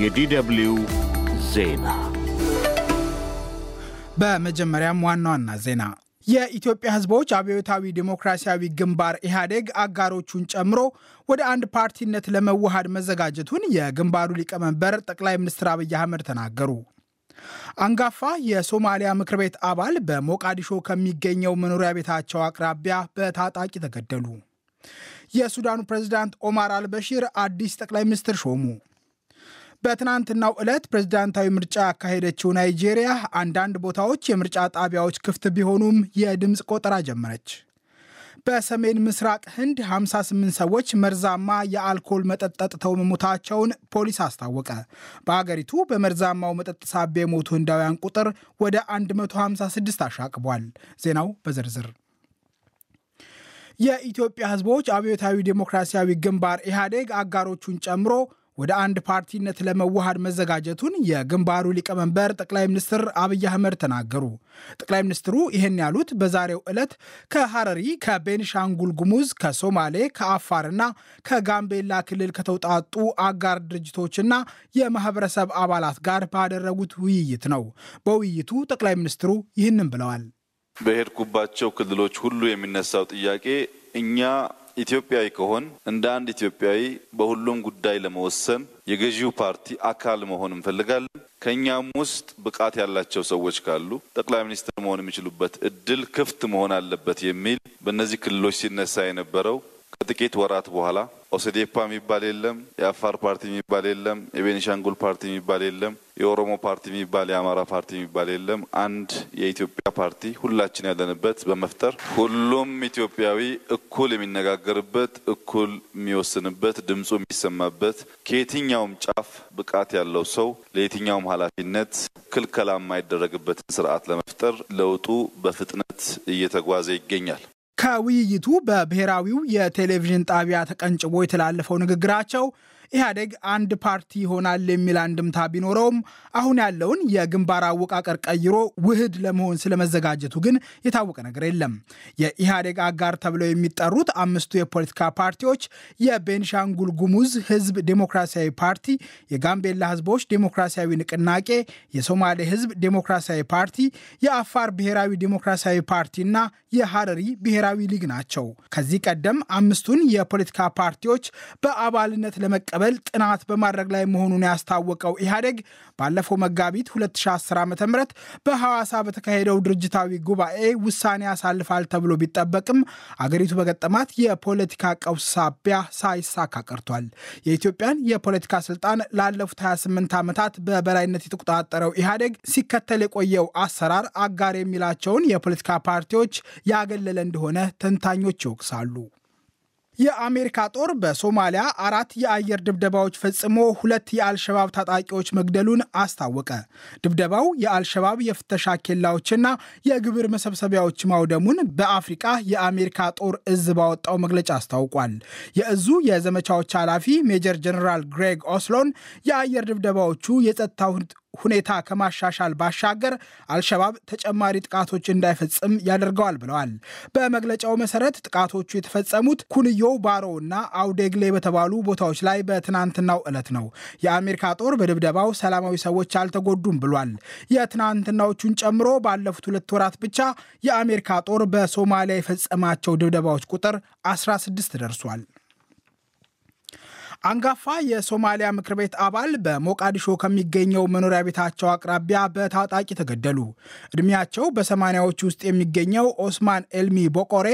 የዲደብሊው ዜና በመጀመሪያም ዋና ዋና ዜና የኢትዮጵያ ህዝቦች አብዮታዊ ዴሞክራሲያዊ ግንባር ኢህአዴግ አጋሮቹን ጨምሮ ወደ አንድ ፓርቲነት ለመዋሃድ መዘጋጀቱን የግንባሩ ሊቀመንበር ጠቅላይ ሚኒስትር አብይ አህመድ ተናገሩ። አንጋፋ የሶማሊያ ምክር ቤት አባል በሞቃዲሾ ከሚገኘው መኖሪያ ቤታቸው አቅራቢያ በታጣቂ ተገደሉ። የሱዳኑ ፕሬዝዳንት ኦማር አልበሺር አዲስ ጠቅላይ ሚኒስትር ሾሙ። በትናንትናው ዕለት ፕሬዝዳንታዊ ምርጫ ያካሄደችው ናይጄሪያ አንዳንድ ቦታዎች የምርጫ ጣቢያዎች ክፍት ቢሆኑም የድምፅ ቆጠራ ጀመረች። በሰሜን ምስራቅ ህንድ 58 ሰዎች መርዛማ የአልኮል መጠጥ ጠጥተው መሞታቸውን ፖሊስ አስታወቀ። በአገሪቱ በመርዛማው መጠጥ ሳቢያ የሞቱ ህንዳውያን ቁጥር ወደ 156 አሻቅቧል። ዜናው በዝርዝር የኢትዮጵያ ህዝቦች አብዮታዊ ዴሞክራሲያዊ ግንባር ኢህአዴግ አጋሮቹን ጨምሮ ወደ አንድ ፓርቲነት ለመዋሃድ መዘጋጀቱን የግንባሩ ሊቀመንበር ጠቅላይ ሚኒስትር አብይ አህመድ ተናገሩ። ጠቅላይ ሚኒስትሩ ይህን ያሉት በዛሬው ዕለት ከሐረሪ፣ ከቤንሻንጉል ጉሙዝ፣ ከሶማሌ፣ ከአፋርና ከጋምቤላ ክልል ከተውጣጡ አጋር ድርጅቶችና የማህበረሰብ አባላት ጋር ባደረጉት ውይይት ነው። በውይይቱ ጠቅላይ ሚኒስትሩ ይህንን ብለዋል። በሄድኩባቸው ክልሎች ሁሉ የሚነሳው ጥያቄ እኛ ኢትዮጵያዊ ከሆን እንደ አንድ ኢትዮጵያዊ በሁሉም ጉዳይ ለመወሰን የገዢው ፓርቲ አካል መሆን እንፈልጋለን። ከእኛም ውስጥ ብቃት ያላቸው ሰዎች ካሉ ጠቅላይ ሚኒስትር መሆን የሚችሉበት እድል ክፍት መሆን አለበት የሚል በእነዚህ ክልሎች ሲነሳ የነበረው ከጥቂት ወራት በኋላ ኦሴዴፓ የሚባል የለም፣ የአፋር ፓርቲ የሚባል የለም፣ የቤኒሻንጉል ፓርቲ የሚባል የለም፣ የኦሮሞ ፓርቲ የሚባል የአማራ ፓርቲ የሚባል የለም። አንድ የኢትዮጵያ ፓርቲ ሁላችን ያለንበት በመፍጠር ሁሉም ኢትዮጵያዊ እኩል የሚነጋገርበት፣ እኩል የሚወስንበት፣ ድምፁ የሚሰማበት ከየትኛውም ጫፍ ብቃት ያለው ሰው ለየትኛውም ኃላፊነት ክልከላ የማይደረግበትን ስርዓት ለመፍጠር ለውጡ በፍጥነት እየተጓዘ ይገኛል። ከውይይቱ በብሔራዊው የቴሌቪዥን ጣቢያ ተቀንጭቦ የተላለፈው ንግግራቸው ኢህአዴግ አንድ ፓርቲ ይሆናል የሚል አንድምታ ቢኖረውም አሁን ያለውን የግንባር አወቃቀር ቀይሮ ውህድ ለመሆን ስለመዘጋጀቱ ግን የታወቀ ነገር የለም። የኢህአዴግ አጋር ተብለው የሚጠሩት አምስቱ የፖለቲካ ፓርቲዎች የቤንሻንጉል ጉሙዝ ህዝብ ዴሞክራሲያዊ ፓርቲ፣ የጋምቤላ ህዝቦች ዴሞክራሲያዊ ንቅናቄ፣ የሶማሌ ህዝብ ዴሞክራሲያዊ ፓርቲ፣ የአፋር ብሔራዊ ዴሞክራሲያዊ ፓርቲና የሐረሪ ብሔራዊ ሊግ ናቸው። ከዚህ ቀደም አምስቱን የፖለቲካ ፓርቲዎች በአባልነት ለመቀበል ለመቀበል ጥናት በማድረግ ላይ መሆኑን ያስታወቀው ኢህአዴግ ባለፈው መጋቢት 2010 ዓ ም በሐዋሳ በተካሄደው ድርጅታዊ ጉባኤ ውሳኔ ያሳልፋል ተብሎ ቢጠበቅም አገሪቱ በገጠማት የፖለቲካ ቀውስ ሳቢያ ሳይሳካ ቀርቷል። የኢትዮጵያን የፖለቲካ ስልጣን ላለፉት 28 ዓመታት በበላይነት የተቆጣጠረው ኢህአዴግ ሲከተል የቆየው አሰራር አጋር የሚላቸውን የፖለቲካ ፓርቲዎች ያገለለ እንደሆነ ተንታኞች ይወቅሳሉ። የአሜሪካ ጦር በሶማሊያ አራት የአየር ድብደባዎች ፈጽሞ ሁለት የአልሸባብ ታጣቂዎች መግደሉን አስታወቀ። ድብደባው የአልሸባብ የፍተሻ ኬላዎችና የግብር መሰብሰቢያዎች ማውደሙን በአፍሪቃ የአሜሪካ ጦር እዝ ባወጣው መግለጫ አስታውቋል። የእዙ የዘመቻዎች ኃላፊ ሜጀር ጀነራል ግሬግ ኦስሎን የአየር ድብደባዎቹ የጸጥታ ሁኔታ ከማሻሻል ባሻገር አልሸባብ ተጨማሪ ጥቃቶች እንዳይፈጽም ያደርገዋል ብለዋል። በመግለጫው መሰረት ጥቃቶቹ የተፈጸሙት ኩንዮ ባሮ እና አውዴግሌ በተባሉ ቦታዎች ላይ በትናንትናው ዕለት ነው። የአሜሪካ ጦር በድብደባው ሰላማዊ ሰዎች አልተጎዱም ብሏል። የትናንትናዎቹን ጨምሮ ባለፉት ሁለት ወራት ብቻ የአሜሪካ ጦር በሶማሊያ የፈጸማቸው ድብደባዎች ቁጥር 16 ደርሷል። አንጋፋ የሶማሊያ ምክር ቤት አባል በሞቃዲሾ ከሚገኘው መኖሪያ ቤታቸው አቅራቢያ በታጣቂ ተገደሉ። እድሜያቸው በሰማኒያዎች ውስጥ የሚገኘው ኦስማን ኤልሚ ቦቆሬ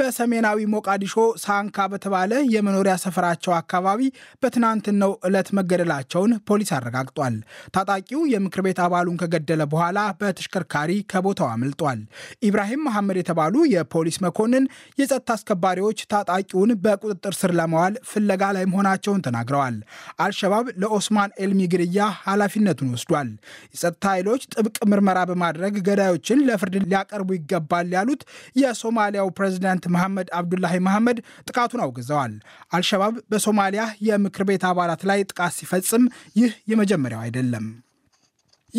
በሰሜናዊ ሞቃዲሾ ሳንካ በተባለ የመኖሪያ ሰፈራቸው አካባቢ በትናንትናው ዕለት መገደላቸውን ፖሊስ አረጋግጧል። ታጣቂው የምክር ቤት አባሉን ከገደለ በኋላ በተሽከርካሪ ከቦታው አምልጧል። ኢብራሂም መሐመድ የተባሉ የፖሊስ መኮንን የጸጥታ አስከባሪዎች ታጣቂውን በቁጥጥር ስር ለማዋል ፍለጋ ላይ መሆናቸው መሆናቸውን ተናግረዋል። አልሸባብ ለኦስማን ኤልሚ ግድያ ኃላፊነቱን ወስዷል። የጸጥታ ኃይሎች ጥብቅ ምርመራ በማድረግ ገዳዮችን ለፍርድ ሊያቀርቡ ይገባል ያሉት የሶማሊያው ፕሬዚዳንት መሐመድ አብዱላሂ መሐመድ ጥቃቱን አውግዘዋል። አልሸባብ በሶማሊያ የምክር ቤት አባላት ላይ ጥቃት ሲፈጽም ይህ የመጀመሪያው አይደለም።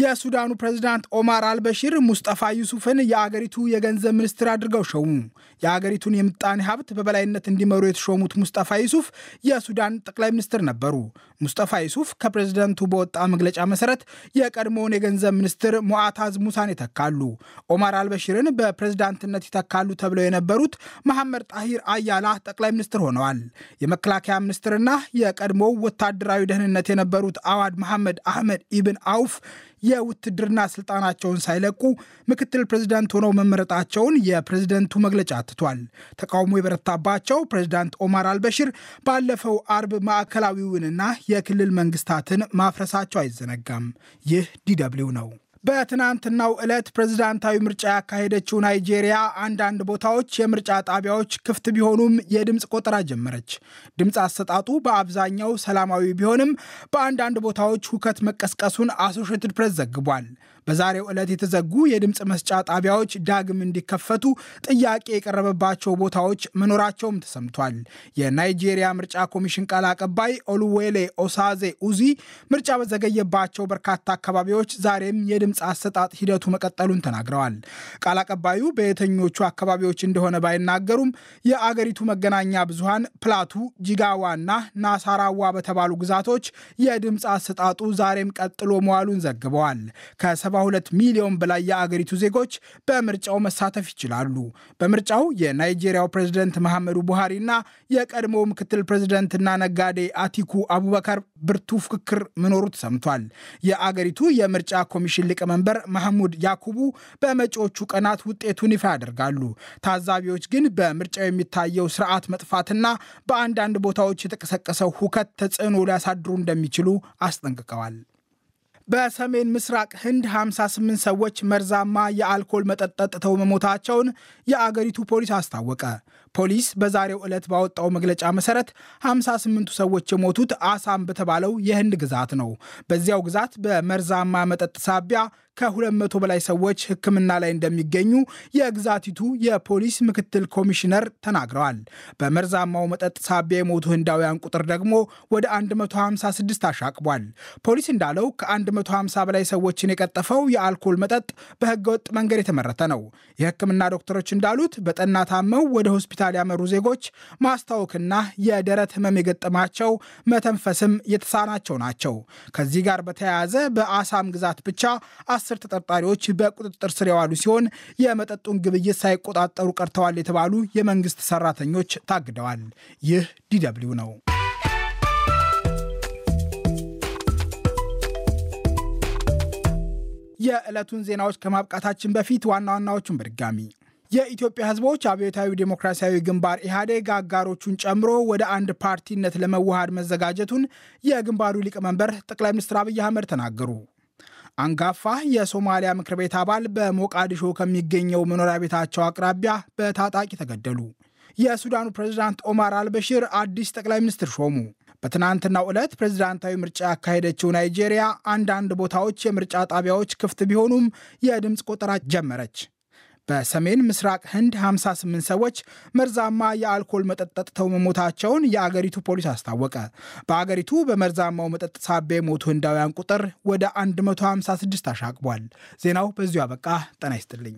የሱዳኑ ፕሬዝዳንት ኦማር አልበሺር ሙስጠፋ ዩሱፍን የአገሪቱ የገንዘብ ሚኒስትር አድርገው ሾሙ። የአገሪቱን የምጣኔ ሀብት በበላይነት እንዲመሩ የተሾሙት ሙስጠፋ ዩሱፍ የሱዳን ጠቅላይ ሚኒስትር ነበሩ። ሙስጠፋ ዩሱፍ ከፕሬዝደንቱ በወጣ መግለጫ መሰረት የቀድሞውን የገንዘብ ሚኒስትር ሙዓታዝ ሙሳን ይተካሉ። ኦማር አልበሺርን በፕሬዝዳንትነት ይተካሉ ተብለው የነበሩት መሐመድ ጣሂር አያላ ጠቅላይ ሚኒስትር ሆነዋል። የመከላከያ ሚኒስትርና የቀድሞው ወታደራዊ ደህንነት የነበሩት አዋድ መሐመድ አህመድ ኢብን አውፍ የውትድርና ስልጣናቸውን ሳይለቁ ምክትል ፕሬዚዳንት ሆነው መመረጣቸውን የፕሬዝደንቱ መግለጫ አትቷል። ተቃውሞ የበረታባቸው ፕሬዚዳንት ኦማር አልበሽር ባለፈው አርብ ማዕከላዊውንና የክልል መንግስታትን ማፍረሳቸው አይዘነጋም። ይህ ዲ ነው። በትናንትናው ዕለት ፕሬዝዳንታዊ ምርጫ ያካሄደችው ናይጄሪያ አንዳንድ ቦታዎች የምርጫ ጣቢያዎች ክፍት ቢሆኑም የድምፅ ቆጠራ ጀመረች። ድምፅ አሰጣጡ በአብዛኛው ሰላማዊ ቢሆንም በአንዳንድ ቦታዎች ሁከት መቀስቀሱን አሶሽትድ ፕሬስ ዘግቧል። በዛሬው ዕለት የተዘጉ የድምፅ መስጫ ጣቢያዎች ዳግም እንዲከፈቱ ጥያቄ የቀረበባቸው ቦታዎች መኖራቸውም ተሰምቷል። የናይጄሪያ ምርጫ ኮሚሽን ቃል አቀባይ ኦሉዌሌ ኦሳዜ ኡዚ ምርጫ በዘገየባቸው በርካታ አካባቢዎች ዛሬም የድምፅ አሰጣጥ ሂደቱ መቀጠሉን ተናግረዋል። ቃል አቀባዩ በየትኞቹ አካባቢዎች እንደሆነ ባይናገሩም የአገሪቱ መገናኛ ብዙሃን ፕላቱ፣ ጂጋዋና ናሳራዋ በተባሉ ግዛቶች የድምፅ አሰጣጡ ዛሬም ቀጥሎ መዋሉን ዘግበዋል። 72 ሚሊዮን በላይ የአገሪቱ ዜጎች በምርጫው መሳተፍ ይችላሉ። በምርጫው የናይጄሪያው ፕሬዝደንት መሐመዱ ቡሃሪና የቀድሞው ምክትል ፕሬዚደንትና ነጋዴ አቲኩ አቡበከር ብርቱ ፍክክር መኖሩ ተሰምቷል። የአገሪቱ የምርጫ ኮሚሽን ሊቀመንበር ማህሙድ ያኩቡ በመጪዎቹ ቀናት ውጤቱን ይፋ ያደርጋሉ። ታዛቢዎች ግን በምርጫው የሚታየው ስርዓት መጥፋትና በአንዳንድ ቦታዎች የተቀሰቀሰው ሁከት ተጽዕኖ ሊያሳድሩ እንደሚችሉ አስጠንቅቀዋል። በሰሜን ምስራቅ ህንድ 58 ሰዎች መርዛማ የአልኮል መጠጥ ጠጥተው መሞታቸውን የአገሪቱ ፖሊስ አስታወቀ። ፖሊስ በዛሬው ዕለት ባወጣው መግለጫ መሰረት 58ቱ ሰዎች የሞቱት አሳም በተባለው የህንድ ግዛት ነው። በዚያው ግዛት በመርዛማ መጠጥ ሳቢያ ከ200 በላይ ሰዎች ሕክምና ላይ እንደሚገኙ የግዛቲቱ የፖሊስ ምክትል ኮሚሽነር ተናግረዋል። በመርዛማው መጠጥ ሳቢያ የሞቱ ህንዳውያን ቁጥር ደግሞ ወደ 156 አሻቅቧል። ፖሊስ እንዳለው ከ150 በላይ ሰዎችን የቀጠፈው የአልኮል መጠጥ በህገወጥ መንገድ የተመረተ ነው። የህክምና ዶክተሮች እንዳሉት በጠና ታመው ወደ ሆስፒታል ያመሩ ዜጎች ማስታወክና የደረት ህመም የገጠማቸው መተንፈስም የተሳናቸው ናቸው። ከዚህ ጋር በተያያዘ በአሳም ግዛት ብቻ አስር ተጠርጣሪዎች በቁጥጥር ስር የዋሉ ሲሆን የመጠጡን ግብይት ሳይቆጣጠሩ ቀርተዋል የተባሉ የመንግስት ሰራተኞች ታግደዋል። ይህ ዲደብሊው ነው። የዕለቱን ዜናዎች ከማብቃታችን በፊት ዋና ዋናዎቹን በድጋሚ የኢትዮጵያ ሕዝቦች አብዮታዊ ዴሞክራሲያዊ ግንባር ኢህአዴግ አጋሮቹን ጨምሮ ወደ አንድ ፓርቲነት ለመዋሃድ መዘጋጀቱን የግንባሩ ሊቀመንበር ጠቅላይ ሚኒስትር አብይ አህመድ ተናገሩ። አንጋፋ የሶማሊያ ምክር ቤት አባል በሞቃዲሾ ከሚገኘው መኖሪያ ቤታቸው አቅራቢያ በታጣቂ ተገደሉ። የሱዳኑ ፕሬዝዳንት ኦማር አልበሽር አዲስ ጠቅላይ ሚኒስትር ሾሙ። በትናንትናው ዕለት ፕሬዝዳንታዊ ምርጫ ያካሄደችው ናይጄሪያ አንዳንድ ቦታዎች የምርጫ ጣቢያዎች ክፍት ቢሆኑም የድምፅ ቆጠራ ጀመረች። በሰሜን ምስራቅ ህንድ 58 ሰዎች መርዛማ የአልኮል መጠጥ ጠጥተው መሞታቸውን የአገሪቱ ፖሊስ አስታወቀ። በአገሪቱ በመርዛማው መጠጥ ሳቢያ የሞቱ ህንዳውያን ቁጥር ወደ 156 አሻቅቧል። ዜናው በዚሁ አበቃ። ጤና ይስጥልኝ።